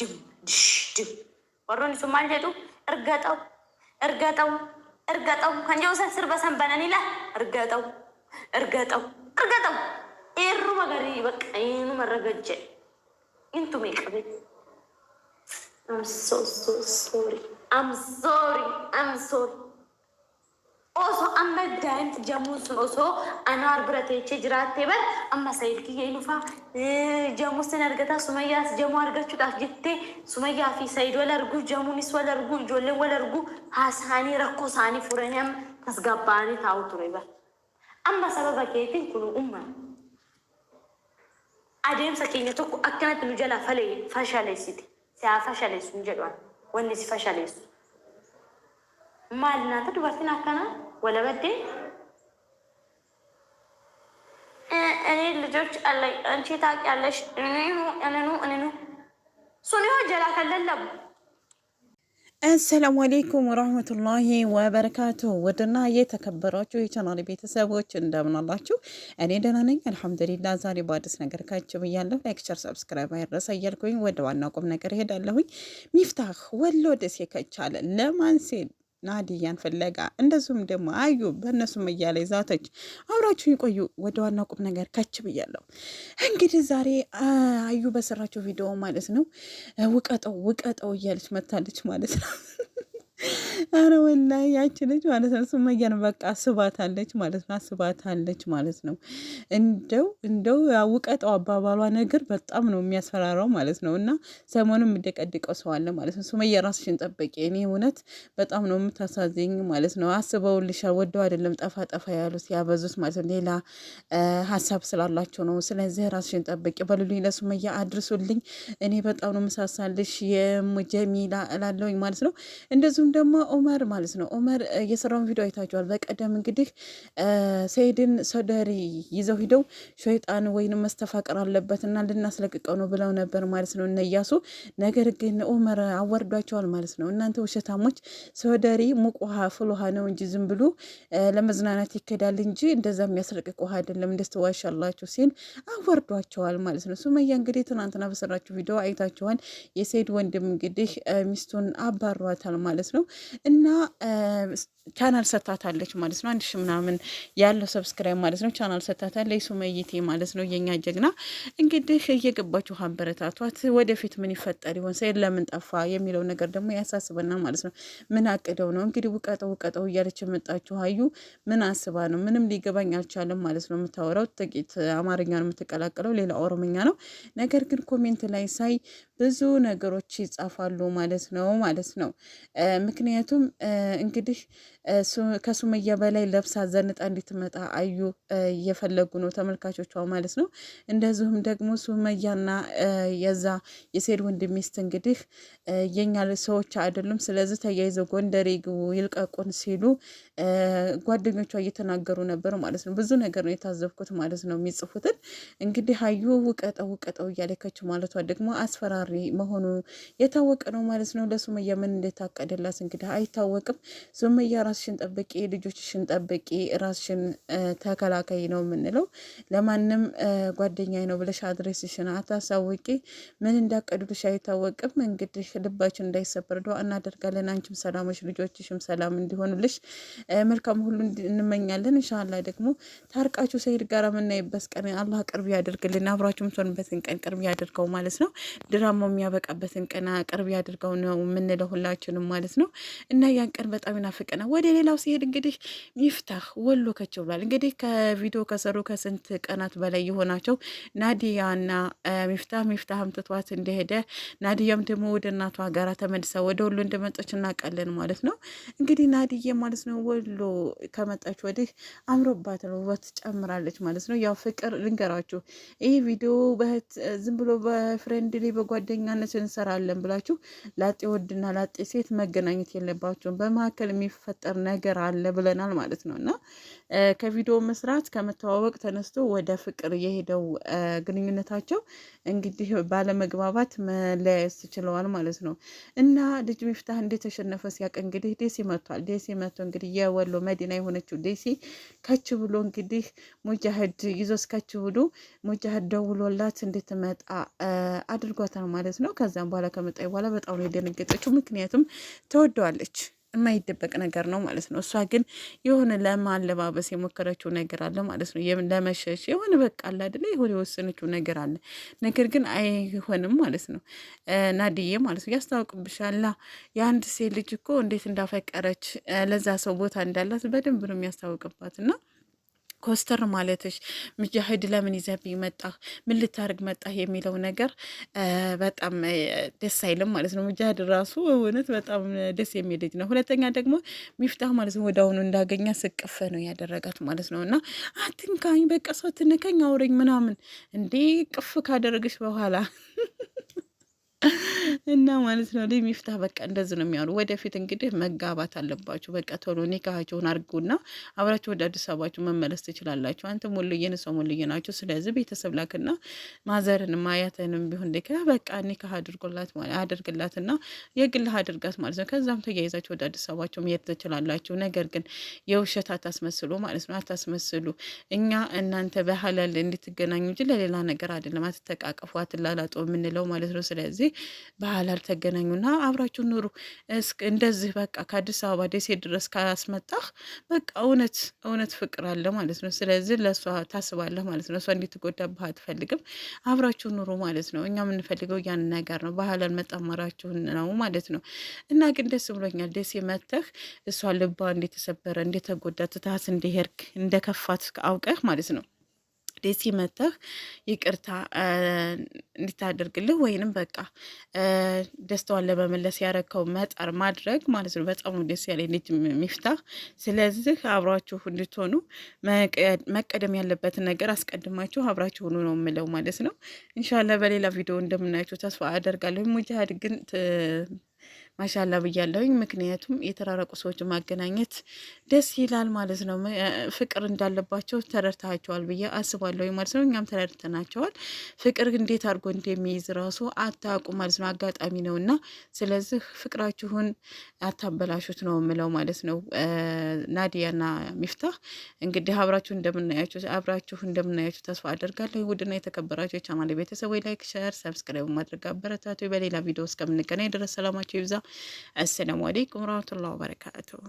ድሽድም ድሽድም ወሮን ሱ ማልሄዱ እርገጠው እርገጠው እርገጠው ከንጀው ሰስር በሰንበነን ይላል እርገጠው እርገጠው እርገጠው ኤሩ መገሪ በቃ ይኑ መረገጀ ኢንቱ ሜቀበት አም ሶሪ አም ሶሪ አም ሶሪ osoo amma gaa'inti jamuun sun osoo anaar bira teechee jiraattee bar amma sayil kiyyee dhufaa jamuu sin argataa sumayyaas jamuu argachuudhaaf jettee sumayyaa fi sayid wal arguu jamuunis wal arguu ijoolleen wal arguu haasaanii rakkoo isaanii furanii amma tasgabbaanii taa'u ture bar amma sababa keetiin kun uumama. adeemsa keenya tokko akkanatti nu jalaa falee fashaleessite siyaa fashaleessu hin jedhaan wanni si fashaleessu maal naata dubartiin akkanaa ወለበዴ እኔ ልጆች አለኝ። አንቺ ታውቂያለሽ። እኔኑ እኔኑ እኔኑ ሱኒ ሆጀላ ከለለም አሰላሙ አሌይኩም ወረህመቱላሂ ወበረካቱ። ውድና የተከበራችሁ የቻናል ቤተሰቦች እንደምን አላችሁ? እኔ ደህና ነኝ አልሐምዱሊላህ። ዛሬ በአዲስ ነገር ካች ብያለሁ። ሌክቸር ሰብስክራይብ አይረሳ እያልኩኝ ወደ ዋና ቁም ነገር እሄዳለሁኝ። ሚፍታህ ወሎ ደሴ ከቻለ ለማን ሲል ናዲያን ፍለጋ እንደዚሁም ደግሞ አዩ በእነሱም እያለ ዛተች። አብራችሁ ይቆዩ። ወደ ዋናው ቁም ነገር ከች ብያለሁ። እንግዲህ ዛሬ አዩ በሰራቸው ቪዲዮ ማለት ነው ውቀጠው ውቀጠው እያለች መታለች ማለት ነው። አረ ወላ ያች ልጅ ማለት ነው ሱመያን በቃ አስባታለች ማለት ነው፣ አስባታለች ማለት ነው። እንደው እንደው ያውቀጠው አባባሏ ነገር በጣም ነው የሚያስፈራራው ማለት ነው። እና ሰሞኑን የምደቀድቀው ሰው አለ ማለት ነው። ሱመያ ራስሽን ጠበቂ፣ እኔ እውነት በጣም ነው የምታሳዝኝ ማለት ነው። አስበውልሻል፣ ወደው አይደለም ጠፋ ጠፋ ያሉት ያበዙት ማለት ነው። ሌላ ሀሳብ ስላላቸው ነው። ስለዚህ ራስሽን ጠበቂ በሉልኝ፣ ለሱመያ አድርሱልኝ። እኔ በጣም ነው የምሳሳልሽ የሙጀሚላ እላለውኝ ማለት ነው እንደዚሁም ደግሞ ኦመር ማለት ነው። ኦመር የሰራውን ቪዲዮ አይታችኋል። በቀደም እንግዲህ ሰይድን ሶደሪ ይዘው ሂደው ሸይጣን ወይንም መስተፋቀር አለበትና ልናስለቅቀው ነው ብለው ነበር ማለት ነው እነያሱ። ነገር ግን ኦመር አዋርዷቸዋል ማለት ነው። እናንተ ውሸታሞች፣ ሶደሪ ሙቅ ውሃ ፍል ውሃ ነው እንጂ ዝም ብሎ ለመዝናናት ይከዳል እንጂ እንደዛ የሚያስለቅቅ ውሃ አይደለም እንደስተዋሻላችሁ ሲል አዋርዷቸዋል ማለት ነው። ሱመያ እንግዲህ ትናንትና በሰራችሁ ቪዲዮ አይታችኋል። የሰይድ ወንድም እንግዲህ ሚስቱን አባሯታል ማለት ነው። ነው እና ቻናል ሰታታለች ማለት ነው። አንድ ሺ ምናምን ያለው ሰብስክራይብ ማለት ነው። ቻናል ሰታታለች ሱመይቴ ማለት ነው። የኛ ጀግና እንግዲህ እየገባችሁ አበረታቷት። ወደፊት ምን ይፈጠር ይሆን ሰይድ ለምን ጠፋ የሚለው ነገር ደግሞ ያሳስበና ማለት ነው። ምን አቅደው ነው እንግዲህ ውቀጠው ውቀጠው እያለች የመጣችሁ አዩ። ምን አስባ ነው? ምንም ሊገባኝ አልቻለም ማለት ነው። የምታወራው ጥቂት አማርኛ ነው የምትቀላቅለው፣ ሌላ ኦሮምኛ ነው። ነገር ግን ኮሜንት ላይ ሳይ ብዙ ነገሮች ይጻፋሉ ማለት ነው ማለት ነው ምክንያቱም እንግዲህ ከሱመያ በላይ ለብሳ ዘንጣ እንድትመጣ አዩ እየፈለጉ ነው ተመልካቾቿ ማለት ነው። እንደዚሁም ደግሞ ሱመያና የዛ የሴድ ወንድ ሚስት እንግዲህ የኛ ሰዎች አይደሉም፣ ስለዚህ ተያይዘው ጎንደሬ ግቡ ይልቀቁን ሲሉ ጓደኞቿ እየተናገሩ ነበር ማለት ነው። ብዙ ነገር ነው የታዘብኩት ማለት ነው። የሚጽፉትን እንግዲህ አዩ ውቀጠው ውቀጠው እያለከች ማለቷ ደግሞ አስፈራሪ መሆኑ የታወቀ ነው ማለት ነው። ለሱመያ ምን እንደታቀደላት ምላስ እንግዲህ አይታወቅም። ሱመያ ራስሽን ጠብቂ፣ ልጆችሽን ጠብቂ፣ ራስሽን ተከላከይ ነው የምንለው። ለማንም ጓደኛ ነው ብለሽ አድሬስሽን አታሳውቂ። ምን እንዳቀዱልሽ አይታወቅም። እንግዲህ ልባችን እንዳይሰበር ዶ እናደርጋለን። አንቺም ሰላሞች፣ ልጆችሽም ሰላም እንዲሆኑልሽ መልካም ሁሉ እንመኛለን። እንሻላ ደግሞ ታርቃችሁ ሰይድ ጋር የምናይበት ቀን አላህ ቅርብ ያደርግልን። አብራችሁ የምትሆንበትን ቀን ቅርብ ያደርገው ማለት ነው። ድራማው የሚያበቃበትን ቀን ቅርብ ያደርገው ነው የምንለው ሁላችንም ማለት ነው። ነው። እና ያን ቀን በጣም ይናፍቀናል። ወደ ሌላው ሲሄድ እንግዲህ ሚፍታህ ወሎ ከቸው ብሏል። እንግዲህ ከቪዲዮ ከሰሩ ከስንት ቀናት በላይ የሆናቸው ናዲያና ሚፍታህ ሚፍታህም ትቷት እንደሄደ ናዲያም ደግሞ ወደ እናቷ ጋራ ተመልሳ ወደ ወሎ እንደመጣች እናውቃለን ማለት ነው። እንግዲህ ናዲዬ ማለት ነው ወሎ ከመጣች ወዲህ አምሮባት ነው ውበት ጨምራለች ማለት ነው። ያው ፍቅር ልንገራችሁ፣ ይህ ቪዲዮ ዝም ብሎ ላይ በጓደኛነት እንሰራለን ብላችሁ ላጤ ወድና ላጤ ሴት መገናኘ መገናኘት የለባቸውም። በመካከል የሚፈጠር ነገር አለ ብለናል ማለት ነው እና ከቪዲዮ መስራት ከመተዋወቅ ተነስቶ ወደ ፍቅር የሄደው ግንኙነታቸው እንግዲህ ባለመግባባት መለያየት ችለዋል ማለት ነው እና ልጅ ሚፍታህ እንደተሸነፈ ሲያቅ እንግዲህ ደሴ መጥቷል። ደሴ መጥቶ እንግዲህ የወሎ መዲና የሆነችው ደሴ ከች ብሎ እንግዲህ ሙጃሂድ ይዞ እስከች ብሎ ሙጃሂድ ደውሎላት እንድትመጣ አድርጓታል ማለት ነው። ከዚያም በኋላ ከመጣ በኋላ በጣም ነው የደነገጠችው። ምክንያቱም ትወደዋለች። የማይደበቅ ነገር ነው ማለት ነው። እሷ ግን የሆነ ለማለባበስ የሞከረችው ነገር አለ ማለት ነው። ለመሸሽ የሆነ በቃ አለ አይደለ? የሆነ የወሰነችው ነገር አለ። ነገር ግን አይሆንም ማለት ነው። ናድዬ ማለት ነው ያስታውቅብሻላ። የአንድ ሴት ልጅ እኮ እንዴት እንዳፈቀረች ለዛ ሰው ቦታ እንዳላት በደንብ ነው የሚያስታውቅባት እና ኮስተር ማለትሽ ምጃሂድ ለምን ይዘህብኝ መጣ ምን ልታርግ መጣህ? የሚለው ነገር በጣም ደስ አይልም ማለት ነው። ምጃሂድ ራሱ እውነት በጣም ደስ የሚል ልጅ ነው። ሁለተኛ ደግሞ ሚፍታህ ማለት ነው ወደ አሁኑ እንዳገኛ ስቅፍ ነው ያደረጋት ማለት ነው። እና አትንካኝ፣ በቃ ሰው ትንከኝ፣ አውረኝ ምናምን እንዴ ቅፍ ካደረግሽ በኋላ እና ማለት ነው ሚፍታህ በቃ እንደዚህ ነው የሚያሉ። ወደፊት እንግዲህ መጋባት አለባችሁ። በቃ ቶሎ ኒካችሁን አድርጉና አብራችሁ ወደ አዲስ አበባችሁ መመለስ ትችላላችሁ። አንተ ሙሉዬን ሰው ሙሉዬ ናችሁ። ስለዚህ ቤተሰብ ላክና ማዘርን ማያተንም ቢሆን ደ በቃ ኒካ አድርጎላት ማለት አድርግላትና የግልህ አድርጋት ማለት ነው። ከዛም ተያይዛችሁ ወደ አዲስ አበባችሁ መሄድ ትችላላችሁ። ነገር ግን የውሸት አታስመስሉ ማለት ነው። አታስመስሉ እኛ እናንተ በሀላል እንድትገናኙ እንጂ ለሌላ ነገር አይደለም። አትተቃቀፉ፣ አትላላጡ የምንለው ማለት ነው። ስለዚህ በሐላል ተገናኙና አብራችሁ ኑሩ። እንደዚህ በቃ ከአዲስ አበባ ደሴ ድረስ ካስመጣህ በቃ እውነት እውነት ፍቅር አለ ማለት ነው። ስለዚህ ለእሷ ታስባለህ ማለት ነው። እሷ እንድትጎዳብህ አትፈልግም። አብራችሁ ኑሩ ማለት ነው። እኛ የምንፈልገው ያን ነገር ነው። በሐላል መጣመራችሁን ነው ማለት ነው። እና ግን ደስ ብሎኛል። ደሴ መተህ እሷ ልባ እንደተሰበረ እንደተጎዳ ትታት እንደሄድክ እንደከፋት አውቀህ ማለት ነው ደስ መተህ ይቅርታ እንድታደርግልህ ወይንም በቃ ደስታዋን ለመመለስ ያረከው መጣር ማድረግ ማለት ነው። በጣም ደስ ያለ ልጅ ሚፍታህ። ስለዚህ አብሯችሁ እንድትሆኑ መቀደም ያለበትን ነገር አስቀድማችሁ አብራችሁ ሆኑ ነው የምለው ማለት ነው። እንሻላ በሌላ ቪዲዮ እንደምናያችሁ ተስፋ አደርጋለሁ። ሙጃሃድ ግን ማሻላ ብያለሁኝ። ምክንያቱም የተራረቁ ሰዎች ማገናኘት ደስ ይላል ማለት ነው። ፍቅር እንዳለባቸው ተረድተሃቸዋል ብዬ አስባለሁኝ ማለት ነው። እኛም ተረድተናቸዋል። ፍቅር እንዴት አድርጎ እንደሚይዝ ራሱ አታውቁ ማለት ነው። አጋጣሚ ነው እና ስለዚህ ፍቅራችሁን አታበላሹት ነው የምለው ማለት ነው። ናዲያና ሚፍታህ እንግዲህ አብራችሁ እንደምናያቸው አብራችሁ እንደምናያቸው ተስፋ አደርጋለሁ። ውድና የተከበራቸው የቻናል ቤተሰብ ወይ ላይክ፣ ሸር፣ ሰብስክራይብ ማድረግ አበረታቱ። በሌላ ቪዲዮ እስከምንገናኝ ድረስ ሰላማቸው ይብዛ። አሰላሙ አለይኩም ረህመቱላሂ ወበረካቱሁ።